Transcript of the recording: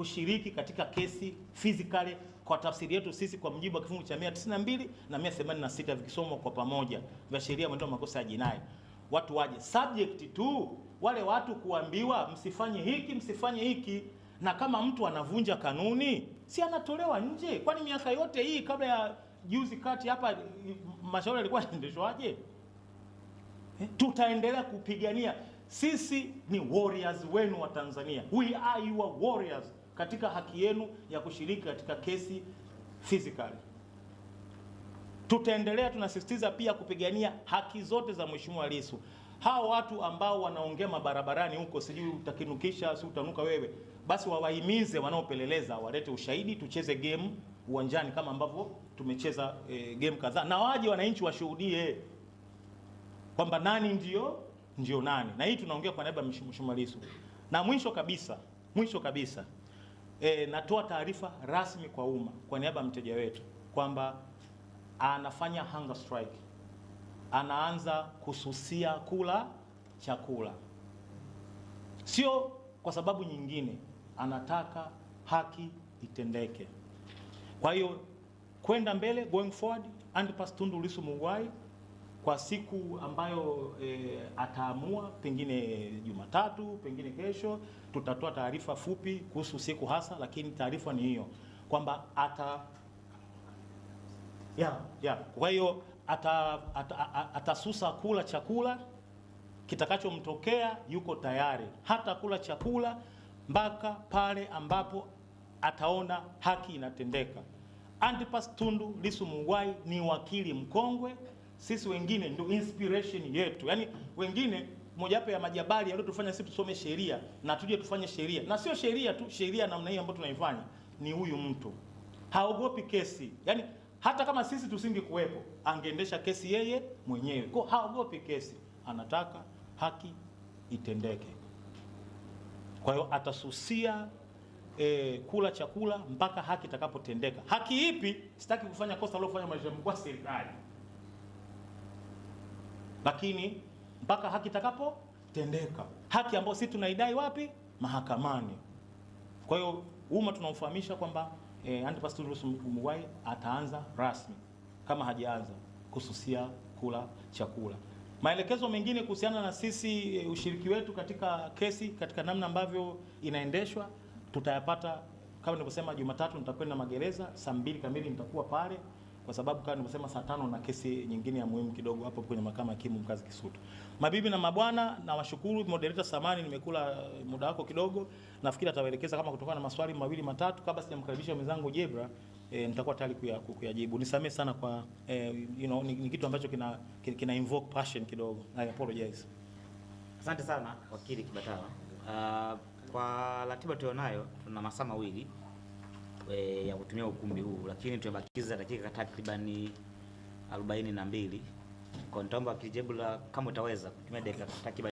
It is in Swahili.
kushiriki katika kesi physically kwa tafsiri yetu sisi kwa mujibu wa kifungu cha 192 na 186 vikisomwa kwa pamoja vya sheria ya mwenendo makosa ya jinai. Watu waje subject tu wale watu kuambiwa msifanye hiki msifanye hiki, na kama mtu anavunja kanuni si anatolewa nje? Kwani miaka yote hii kabla ya juzi kati hapa mashauri yalikuwa yanaendeshwaje? Eh, tutaendelea kupigania. Sisi ni warriors wenu wa Tanzania, we are your warriors katika haki yenu ya kushiriki katika kesi physically. Tutaendelea, tunasisitiza pia kupigania haki zote za Mheshimiwa Lissu. Hao watu ambao wanaongea mabarabarani huko, sijui utakinukisha, si utanuka wewe, basi wawahimize wanaopeleleza walete ushahidi, tucheze game uwanjani kama ambavyo tumecheza e, game kadhaa, na waje wananchi washuhudie kwamba nani ndio ndio nani, na hii tunaongea kwa niaba ya Mheshimiwa Lissu. Na mwisho kabisa, mwisho kabisa E, natoa taarifa rasmi kwa umma kwa niaba ya mteja wetu kwamba anafanya hunger strike, anaanza kususia kula chakula, sio kwa sababu nyingine, anataka haki itendeke. Kwa hiyo kwenda mbele, going forward, Antipas Tundu Lissu Mughwai kwa siku ambayo e, ataamua pengine Jumatatu, pengine kesho, tutatoa taarifa fupi kuhusu siku hasa, lakini taarifa ni hiyo kwamba ata ya ya Kwa hiyo atasusa ata, ata kula chakula kitakachomtokea, yuko tayari hata kula chakula mpaka pale ambapo ataona haki inatendeka. Antipas Tundu Lissu ni wakili mkongwe sisi wengine ndio inspiration yetu. Yaani wengine mojawapo ya majabali yaliyotufanya sisi tusome sheria na tuje tufanye sheria, na sio sheria tu, sheria namna hii ambayo tunaifanya ni huyu mtu haogopi kesi. Yaani hata kama sisi tusingekuwepo angeendesha kesi yeye mwenyewe, kwa haogopi kesi, anataka haki itendeke. Kwa hiyo atasusia e, kula chakula mpaka haki itakapotendeka. Haki ipi? Sitaki kufanya kosa lolofanya maisha Mkuu wa Serikali lakini mpaka haki itakapotendeka, haki ambayo sisi tunaidai wapi? Mahakamani. Kwa hiyo umma tunaufahamisha kwamba e, Antipas Tullus ataanza rasmi kama hajaanza kususia kula chakula. Maelekezo mengine kuhusiana na sisi e, ushiriki wetu katika kesi, katika namna ambavyo inaendeshwa tutayapata kama nilivyosema, Jumatatu nitakwenda magereza saa mbili kamili nitakuwa pale kwa sababu kama nimesema saa tano na kesi nyingine ya muhimu kidogo hapo kwenye mahakama ya hakimu mkazi Kisutu. Mabibi na mabwana, nawashukuru moderator Samani, nimekula eh, muda wako kidogo. Nafikiri atawaelekeza kama kutokana na maswali mawili matatu, kabla sijamkaribisha mwenzangu Jebra e, nitakuwa tayari kuyajibu. nisamee sana kwa e, you know, ni, ni kitu ambacho kina, kina invoke passion kidogo. I apologize. Asante sana wakili Kibatala. Uh, kwa ratiba tulionayo tuna masaa mawili Eh, ya kutumia ukumbi huu, lakini tumebakiza dakika takribani arobaini na mbili kwa nitaomba kijebula kama utaweza kutumia dakika takribani